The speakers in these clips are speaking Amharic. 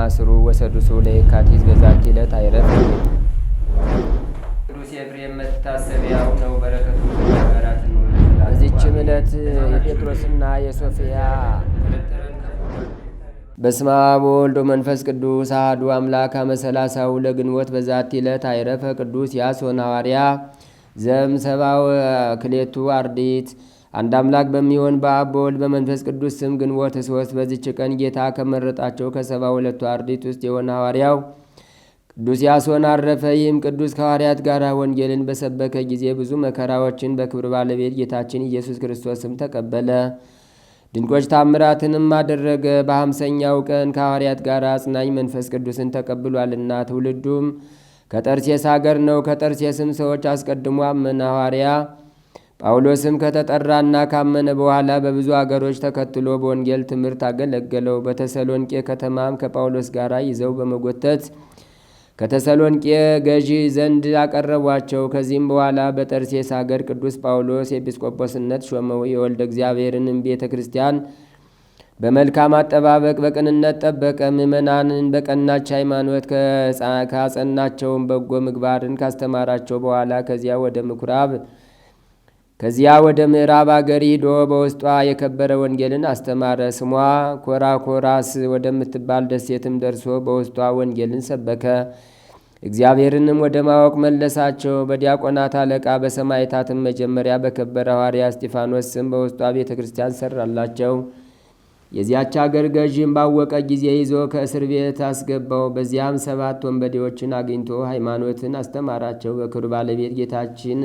ማስሩ ወሰዱሱ ለየካቲት በዛቲ ዕለት አይረፍ። ቅዱስ ኤፍሬም መታሰቢያው ነው። በረከቱ በዚችም ዕለት የጴጥሮስና የሶፊያ በስመ አብ ቅዱስ አህዱ አምላክ አመ ሰላሳው ለግንቦት በዛቲ ዕለት አይረፈ ቅዱስ ያሶን ሐዋርያ ዘም ሰባው ክሌቱ አርዲት አንድ አምላክ በሚሆን በአብ በወልድ በመንፈስ ቅዱስ ስም ግንቦት ሶስት በዚች ቀን ጌታ ከመረጣቸው ከሰባ ሁለቱ አርዲት ውስጥ የሆነ ሐዋርያው ቅዱስ ያሶን አረፈ። ይህም ቅዱስ ከሐዋርያት ጋር ወንጌልን በሰበከ ጊዜ ብዙ መከራዎችን በክብር ባለቤት ጌታችን ኢየሱስ ክርስቶስ ስም ተቀበለ። ድንቆች ታምራትንም አደረገ። በሐምሰኛው ቀን ከሐዋርያት ጋር አጽናኝ መንፈስ ቅዱስን ተቀብሏልና ትውልዱም ከጠርሴስ አገር ነው። ከጠርሴስም ሰዎች አስቀድሞ አመነ ሐዋርያ ጳውሎስም ከተጠራና ካመነ በኋላ በብዙ አገሮች ተከትሎ በወንጌል ትምህርት አገለገለው። በተሰሎንቄ ከተማም ከጳውሎስ ጋር ይዘው በመጎተት ከተሰሎንቄ ገዢ ዘንድ አቀረቧቸው። ከዚህም በኋላ በጠርሴስ አገር ቅዱስ ጳውሎስ ኤጲስቆጶስነት ሾመው። የወልደ እግዚአብሔርንም ቤተ ክርስቲያን በመልካም አጠባበቅ በቅንነት ጠበቀ። ምእመናንን በቀናች ሃይማኖት ካጸናቸውን በጎ ምግባርን ካስተማራቸው በኋላ ከዚያ ወደ ምኩራብ ከዚያ ወደ ምዕራብ አገር ሂዶ በውስጧ የከበረ ወንጌልን አስተማረ። ስሟ ኮራኮራስ ወደምትባል ደሴትም ደርሶ በውስጧ ወንጌልን ሰበከ። እግዚአብሔርንም ወደ ማወቅ መለሳቸው። በዲያቆናት አለቃ በሰማዕታትም መጀመሪያ በከበረ ሐዋርያ እስጢፋኖስ ስም በውስጧ ቤተ ክርስቲያን ሰራላቸው። የዚያች አገር ገዥም ባወቀ ጊዜ ይዞ ከእስር ቤት አስገባው። በዚያም ሰባት ወንበዴዎችን አግኝቶ ሃይማኖትን አስተማራቸው። በክብር ባለቤት ጌታችን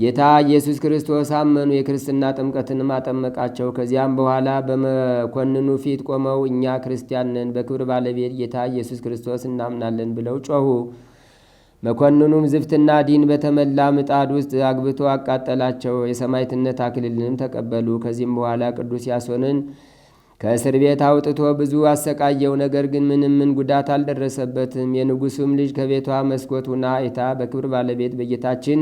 ጌታ ኢየሱስ ክርስቶስ አመኑ፣ የክርስትና ጥምቀትንም አጠመቃቸው። ከዚያም በኋላ በመኮንኑ ፊት ቆመው እኛ ክርስቲያን ነን፣ በክብር ባለቤት ጌታ ኢየሱስ ክርስቶስ እናምናለን ብለው ጮኹ። መኮንኑም ዝፍትና ዲን በተመላ ምጣድ ውስጥ አግብቶ አቃጠላቸው። የሰማዕትነት አክሊልንም ተቀበሉ። ከዚህም በኋላ ቅዱስ ያሶንን ከእስር ቤት አውጥቶ ብዙ አሰቃየው። ነገር ግን ምንም ምን ጉዳት አልደረሰበትም። የንጉሱም ልጅ ከቤቷ መስኮት ሁና አይታ በክብር ባለቤት በጌታችን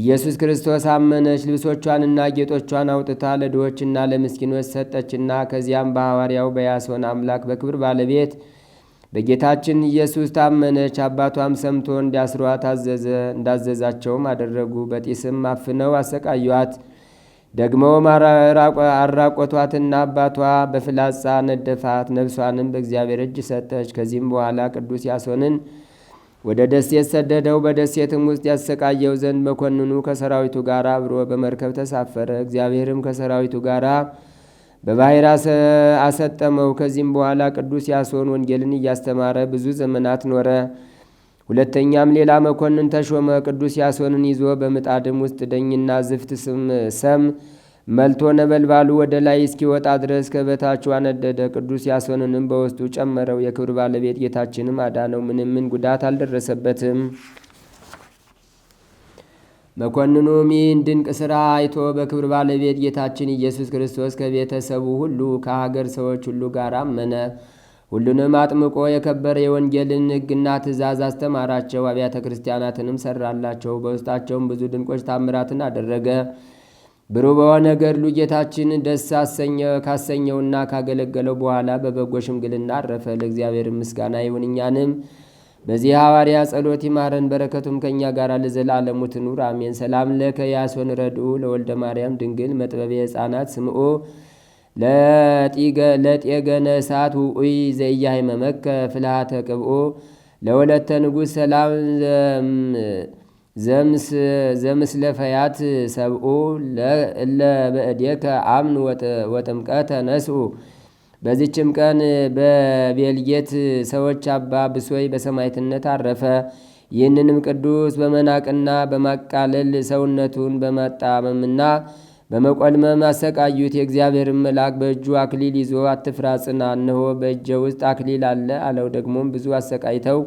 ኢየሱስ ክርስቶስ አመነች። ልብሶቿንና ጌጦቿን አውጥታ ለድሆችና ለምስኪኖች ሰጠችና ከዚያም በሐዋርያው በያሶን አምላክ በክብር ባለቤት በጌታችን ኢየሱስ ታመነች። አባቷም ሰምቶ እንዲያስሯት አዘዘ። እንዳዘዛቸውም አደረጉ። በጢስም አፍነው አሰቃዩአት። ደግሞም አራቆቷትና አባቷ በፍላጻ ነደፋት። ነፍሷንም በእግዚአብሔር እጅ ሰጠች። ከዚህም በኋላ ቅዱስ ያሶንን ወደ ደሴት ሰደደው። በደሴትም ውስጥ ያሰቃየው ዘንድ መኮንኑ ከሰራዊቱ ጋር አብሮ በመርከብ ተሳፈረ። እግዚአብሔርም ከሰራዊቱ ጋር በባህር አሰጠመው። ከዚህም በኋላ ቅዱስ ያሶን ወንጌልን እያስተማረ ብዙ ዘመናት ኖረ። ሁለተኛም ሌላ መኮንን ተሾመ። ቅዱስ ያሶንን ይዞ በምጣድም ውስጥ ደኝና ዝፍት ሰም መልቶ ነበልባሉ ወደ ላይ እስኪወጣ ድረስ ከበታቹ አነደደ። ቅዱስ ያሶንንም በውስጡ ጨመረው። የክብር ባለቤት ጌታችንም አዳነው፣ ምን ጉዳት አልደረሰበትም። መኮንኑም ይህን ድንቅ ስራ አይቶ በክብር ባለቤት ጌታችን ኢየሱስ ክርስቶስ ከቤተሰቡ ሁሉ ከሀገር ሰዎች ሁሉ ጋር አመነ። ሁሉንም አጥምቆ የከበረ የወንጌልን ሕግና ትእዛዝ አስተማራቸው። አብያተ ክርስቲያናትንም ሰራላቸው። በውስጣቸውም ብዙ ድንቆች ታምራትን አደረገ። ብሩህ በሆነ ገድሉ ጌታችንን ደስ ካሰኘውና ካገለገለው በኋላ በበጎ ሽምግልና አረፈ። ለእግዚአብሔር ምስጋና ይሁን እኛንም በዚህ ሐዋርያ ጸሎት ይማረን፣ በረከቱም ከእኛ ጋር ለዘላለሙ ትኑር አሜን። ሰላም ለከ ያሶን ረድኡ ለወልደ ማርያም ድንግል መጥበብ የሕፃናት ስምኦ ለጤገነ እሳት ውዑይ መመከ ፍልሃተ ቅብኦ ለወለተ ንጉሥ ሰላም ዘምስለ ፈያት ሰብኡ እለ በእዴከ አምን ወጥምቀተ ነስኡ። በዚችም ቀን በቤልጌት ሰዎች አባ ብሶይ በሰማይትነት አረፈ። ይህንንም ቅዱስ በመናቅና በማቃለል ሰውነቱን በመጣመምና በመቆልመም አሰቃዩት። የእግዚአብሔር መልአክ በእጁ አክሊል ይዞ አትፍራ ጽና፣ እነሆ በእጄ ውስጥ አክሊል አለ አለው። ደግሞም ብዙ አሰቃይተው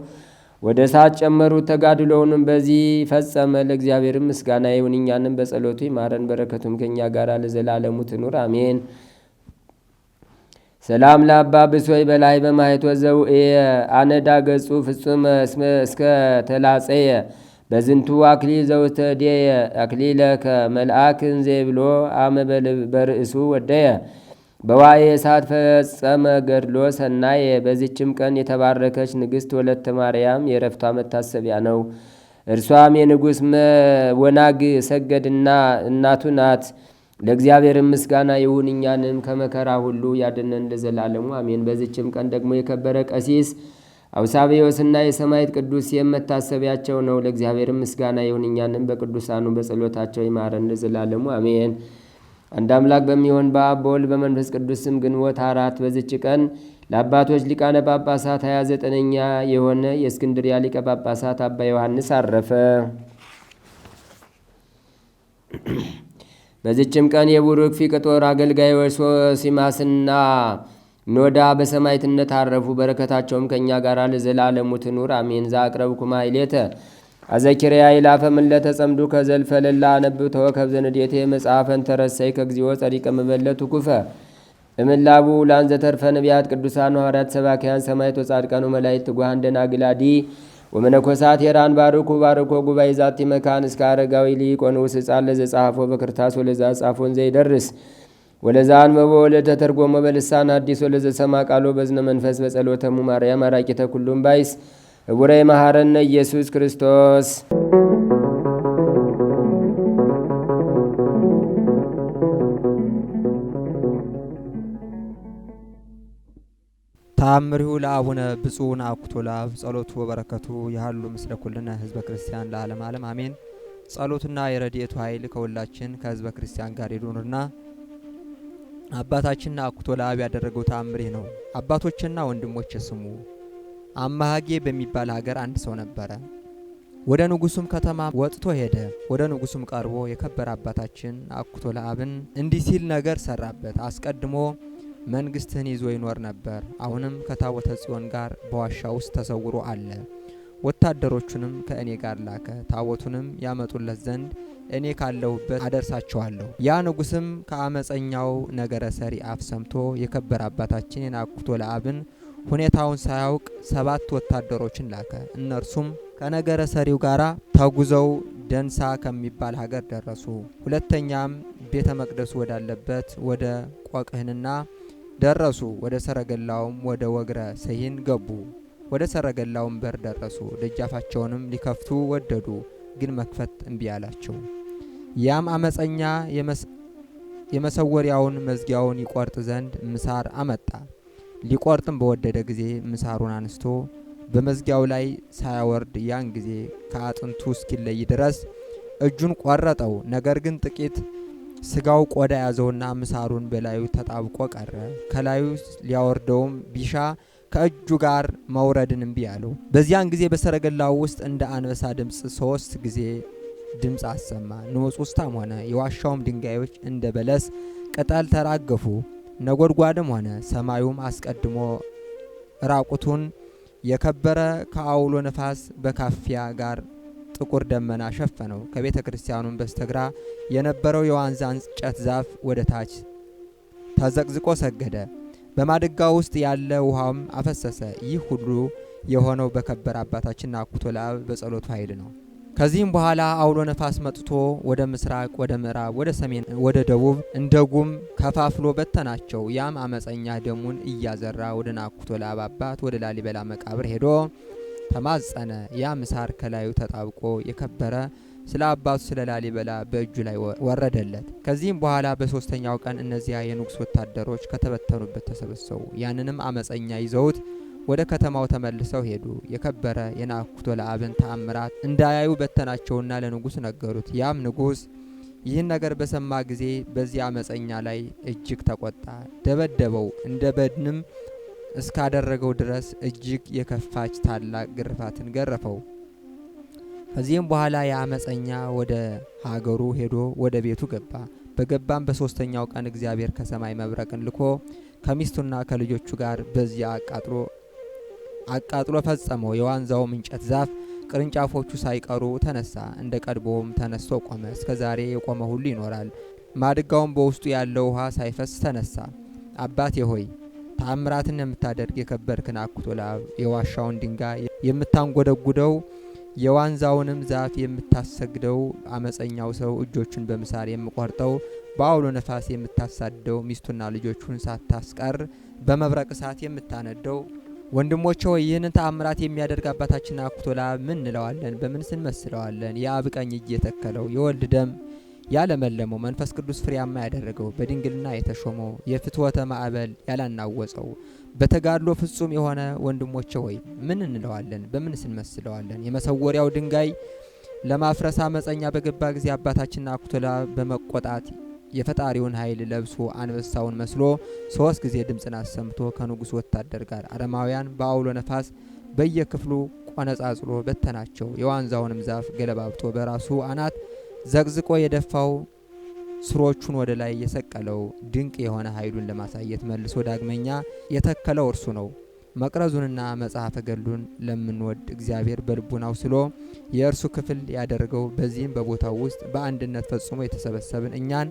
ወደ እሳት ጨመሩት። ተጋድሎውንም በዚህ ፈጸመ። ለእግዚአብሔር ምስጋና ይሁን፣ እኛንም በጸሎቱ ይማረን፣ በረከቱም ከእኛ ጋር ለዘላለሙ ትኑር አሜን። ሰላም ለአባ ብሶይ በላይ በማየት ወዘው አነዳ ገጹ ፍጹም እስከ ተላጸየ በዝንቱ አክሊ ዘውተዴየ አክሊለ ከመልአክን ዜ ብሎ አመ በርእሱ ወደየ በዋይ እሳት ፈጸመ ገድሎ ሰናየ። በዚችም ቀን የተባረከች ንግሥት ወለተ ማርያም የረፍቷ መታሰቢያ ነው። እርሷም የንጉሥ ወናግ ሰገድና እናቱ ናት። ለእግዚአብሔር ምስጋና ይሁን እኛንም ከመከራ ሁሉ ያድነን ለዘላለሙ አሜን። በዚችም ቀን ደግሞ የከበረ ቀሲስ አውሳቢዮስና የሰማይት ቅዱስ የመታሰቢያቸው ነው። ለእግዚአብሔር ምስጋና ይሁን እኛንም በቅዱሳኑ በጸሎታቸው ይማረን ለዘላለሙ አሜን። አንድ አምላክ በሚሆን በአብ በወልድ በመንፈስ ቅዱስ ስም ግንቦት አራት በዝች ቀን ለአባቶች ሊቃነ ጳጳሳት ሀያ ዘጠነኛ የሆነ የእስክንድርያ ሊቀ ጳጳሳት አባ ዮሐንስ አረፈ። በዝችም ቀን የቡሩክ ፊቅጦር አገልጋዮች ሶሲማስና ኖዳ በሰማይትነት አረፉ። በረከታቸውም ከእኛ ጋር ለዘላለሙ ትኑር አሜን። ዛ ኩማ ይሌተ አዘኪርያ ይላፈ ምን ለተጸምዱ ከዘልፈ አነብቶ አነብብ ተወከብ መጽሐፈን ተረሰይ ከግዚኦ ጸዲቀ መበለቱ ኩፈ እምላቡ ላንዘተርፈ ነቢያት ቅዱሳን ሐዋርያት ሰባኪያን ሰማይቶ ጻድቀኑ መላይት ትጓሃን ደናግላዲ ወመነኮሳት የራን ባርኩ ባርኮ ጉባኤ ዛቲ መካን እስከ አረጋዊ ሊቆን ውስ ሕፃን ለዘጻሐፎ በክርታስ ወለዛ ጻፎን ዘይደርስ ወለዛ አንበቦ ወለተ ተርጎሞ በልሳን አዲስ ወለዘ ሰማ ቃሎ በዝነ መንፈስ በጸሎተሙ ማርያም አራቂተ ኩሉም ባይስ እቡረ መሐረነ ኢየሱስ ክርስቶስ ተአምሪሁ ለአቡነ ብፁዕ ናአኩቶ ለአብ ጸሎቱ ወበረከቱ ያህሉ ምስለ ኩልነ ህዝበ ክርስቲያን ለዓለም ዓለም አሜን። ጸሎትና የረድኤቱ ኃይል ከሁላችን ከህዝበ ክርስቲያን ጋር ይኑርና አባታችን ናአኩቶ ለአብ ያደረገው ተአምሪህ ነው። አባቶችና ወንድሞች ስሙ። አማሃጌ በሚባል ሀገር አንድ ሰው ነበረ። ወደ ንጉሱም ከተማ ወጥቶ ሄደ። ወደ ንጉሱም ቀርቦ የከበረ አባታችን አኩቶ ለአብን እንዲህ ሲል ነገር ሰራበት። አስቀድሞ መንግስትህን ይዞ ይኖር ነበር። አሁንም ከታቦተ ጽዮን ጋር በዋሻ ውስጥ ተሰውሮ አለ። ወታደሮቹንም ከእኔ ጋር ላከ። ታቦቱንም ያመጡለት ዘንድ እኔ ካለሁበት አደርሳቸዋለሁ። ያ ንጉስም ከአመፀኛው ነገረ ሰሪ አፍ ሰምቶ የከበረ አባታችን የናኩቶ ለአብን ሁኔታውን ሳያውቅ ሰባት ወታደሮችን ላከ። እነርሱም ከነገረ ሰሪው ጋራ ተጉዘው ደንሳ ከሚባል ሀገር ደረሱ። ሁለተኛም ቤተ መቅደሱ ወዳለበት ወደ ቆቅህንና ደረሱ። ወደ ሰረገላውም ወደ ወግረ ሰሂን ገቡ። ወደ ሰረገላውም በር ደረሱ። ደጃፋቸውንም ሊከፍቱ ወደዱ፣ ግን መክፈት እምቢ አላቸው። ያም አመፀኛ የመሰወሪያውን መዝጊያውን ይቆርጥ ዘንድ ምሳር አመጣ። ሊቆርጥም በወደደ ጊዜ ምሳሩን አንስቶ በመዝጊያው ላይ ሳያወርድ ያን ጊዜ ከአጥንቱ እስኪለይ ድረስ እጁን ቆረጠው። ነገር ግን ጥቂት ስጋው ቆዳ ያዘውና ምሳሩን በላዩ ተጣብቆ ቀረ። ከላዩ ሊያወርደውም ቢሻ ከእጁ ጋር መውረድን እምቢ አለው። በዚያን ጊዜ በሰረገላው ውስጥ እንደ አንበሳ ድምፅ ሶስት ጊዜ ድምፅ አሰማ። ንዑስ ውስታም ሆነ። የዋሻውም ድንጋዮች እንደ በለስ ቅጠል ተራገፉ። ነጎድጓድም ሆነ ሰማዩም አስቀድሞ ራቁቱን የከበረ ከአውሎ ነፋስ በካፊያ ጋር ጥቁር ደመና ሸፈነው። ከቤተ ክርስቲያኑም በስተግራ የነበረው የዋንዛ እንጨት ዛፍ ወደ ታች ተዘቅዝቆ ሰገደ። በማድጋ ውስጥ ያለ ውሃም አፈሰሰ። ይህ ሁሉ የሆነው በከበረ አባታችን ናኩቶ ለአብ በጸሎቱ ኃይል ነው። ከዚህም በኋላ አውሎ ነፋስ መጥቶ ወደ ምስራቅ፣ ወደ ምዕራብ፣ ወደ ሰሜን፣ ወደ ደቡብ እንደ ጉም ከፋፍሎ በተናቸው። ያም አመፀኛ ደሙን እያዘራ ወደ ናኩቶ ለአብ አባት ወደ ላሊበላ መቃብር ሄዶ ተማጸነ። ያም ሳር ከላዩ ተጣብቆ የከበረ ስለ አባቱ ስለ ላሊበላ በእጁ ላይ ወረደለት። ከዚህም በኋላ በሶስተኛው ቀን እነዚያ የንጉሥ ወታደሮች ከተበተኑበት ተሰበሰቡ። ያንንም አመፀኛ ይዘውት ወደ ከተማው ተመልሰው ሄዱ። የከበረ የናኩቶ ለአብን ተአምራት እንዳያዩ በተናቸውና ለንጉሥ ነገሩት። ያም ንጉሥ ይህን ነገር በሰማ ጊዜ በዚህ አመፀኛ ላይ እጅግ ተቆጣ፣ ደበደበው። እንደ በድንም እስካደረገው ድረስ እጅግ የከፋች ታላቅ ግርፋትን ገረፈው። ከዚህም በኋላ የአመፀኛ ወደ ሀገሩ ሄዶ ወደ ቤቱ ገባ። በገባም በሶስተኛው ቀን እግዚአብሔር ከሰማይ መብረቅን ልኮ ከሚስቱና ከልጆቹ ጋር በዚያ አቃጥሎ አቃጥሎ ፈጸመው። የዋንዛውም እንጨት ዛፍ ቅርንጫፎቹ ሳይቀሩ ተነሳ፣ እንደ ቀድሞውም ተነስቶ ቆመ። እስከ ዛሬ የቆመ ሁሉ ይኖራል። ማድጋውም በውስጡ ያለው ውሃ ሳይፈስ ተነሳ። አባቴ ሆይ ተአምራትን የምታደርግ የከበርክን አኩቶ ለአብ የዋሻውን ድንጋይ የምታንጎደጉደው የዋንዛውንም ዛፍ የምታሰግደው አመፀኛው ሰው እጆቹን በምሳር የምቆርጠው በአውሎ ነፋስ የምታሳደው ሚስቱና ልጆቹን ሳታስቀር በመብረቅ እሳት የምታነደው ወንድሞቼ ሆይ ይህንን ተአምራት የሚያደርግ አባታችን አኩቶላ ምን እንለዋለን? በምን ስንመስለዋለን? የአብ ቀኝ እጅ የተከለው የወልድ ደም ያለመለመው መንፈስ ቅዱስ ፍሬያማ ያደረገው በድንግልና የተሾመው የፍትወተ ማዕበል ያላናወጸው በተጋድሎ ፍጹም የሆነ ወንድሞቼ ሆይ ምን እንለዋለን? በምን ስንመስለዋለን? የመሰወሪያው ድንጋይ ለማፍረስ አመፀኛ በገባ ጊዜ አባታችንና አኩቶላ በመቆጣት የፈጣሪውን ኃይል ለብሶ አንበሳውን መስሎ ሶስት ጊዜ ድምፅን አሰምቶ ከንጉሥ ወታደር ጋር አረማውያን በአውሎ ነፋስ በየክፍሉ ቆነጻጽሎ በተናቸው። የዋንዛውንም ዛፍ ገለባብጦ በራሱ አናት ዘቅዝቆ የደፋው ስሮቹን ወደ ላይ የሰቀለው ድንቅ የሆነ ኃይሉን ለማሳየት መልሶ ዳግመኛ የተከለው እርሱ ነው። መቅረዙንና መጽሐፈ ገድሉን ለምንወድ እግዚአብሔር በልቡናው ስሎ የእርሱ ክፍል ያደርገው። በዚህም በቦታው ውስጥ በአንድነት ፈጽሞ የተሰበሰብን እኛን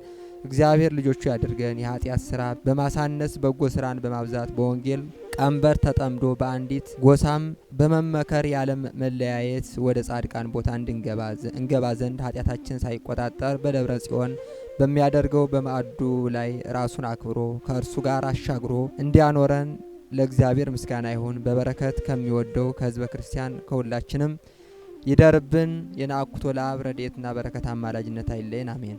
እግዚአብሔር ልጆቹ ያድርገን። የኃጢአት ስራ በማሳነስ በጎ ስራን በማብዛት በወንጌል ቀንበር ተጠምዶ በአንዲት ጎሳም በመመከር ያለ መለያየት ወደ ጻድቃን ቦታ እንገባ ዘንድ ኃጢአታችን ሳይቆጣጠር በደብረ ጽዮን በሚያደርገው በማዕዱ ላይ ራሱን አክብሮ ከእርሱ ጋር አሻግሮ እንዲያኖረን ለእግዚአብሔር ምስጋና ይሁን። በበረከት ከሚወደው ከህዝበ ክርስቲያን ከሁላችንም ይደርብን። የናኩቶ ለአብ ረድኤትና በረከት አማላጅነት አይለየን። አሜን።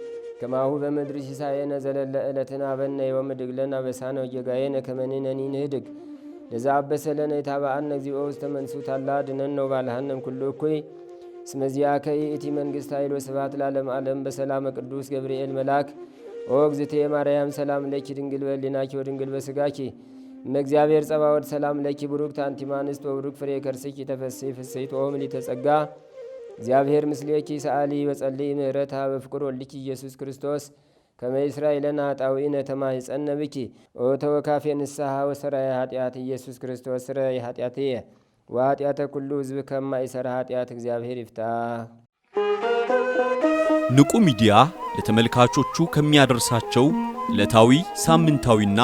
ከማሁ በምድሪ ሲሳየነ ዘለለ ዕለትን አበነ ወምድግለን አበሳነ ወጌጋየነ ከመንነኒ ንህድግ ለዛ አበሰለነ የታባአነ እግዚኦ ውስተ መንሱት አላ ድነን ነው ባልሃንም ኩሉ እኩይ እስመዚያ ከይእቲ መንግሥት ኃይል ወስብሐት ለዓለም ዓለም በሰላም ቅዱስ ገብርኤል መልአክ ኦ እግዝእቴ ማርያም ሰላም ለኪ ድንግል በሊናኪ ወድንግል በስጋኪ እመእግዚአብሔር ጸባወድ ሰላም ለኪ ቡሩክ ታንቲማንስት ወቡሩክ ፍሬ ከርስኪ ተፈሥሒ ፍሥሕት ኦ ምሊተ ጸጋ እግዚአብሔር ምስሌኪ ሰአሊ በጸልይ ምህረታ በፍቅር ወልኪ ኢየሱስ ክርስቶስ ከመ ይስራኤለን አጣዊነ ተማይጸነ ይጸነብኪ ኦ ተወካፌ ንስሐ ወሰራይ ኃጢአት ኢየሱስ ክርስቶስ ስረይ ኃጢአትየ ወኃጢአተ ኩሉ ህዝብ ከማ ይሰረ ኃጢአት እግዚአብሔር ይፍታ። ንቁ ሚዲያ ለተመልካቾቹ ከሚያደርሳቸው ዕለታዊ ሳምንታዊና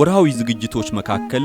ወርሃዊ ዝግጅቶች መካከል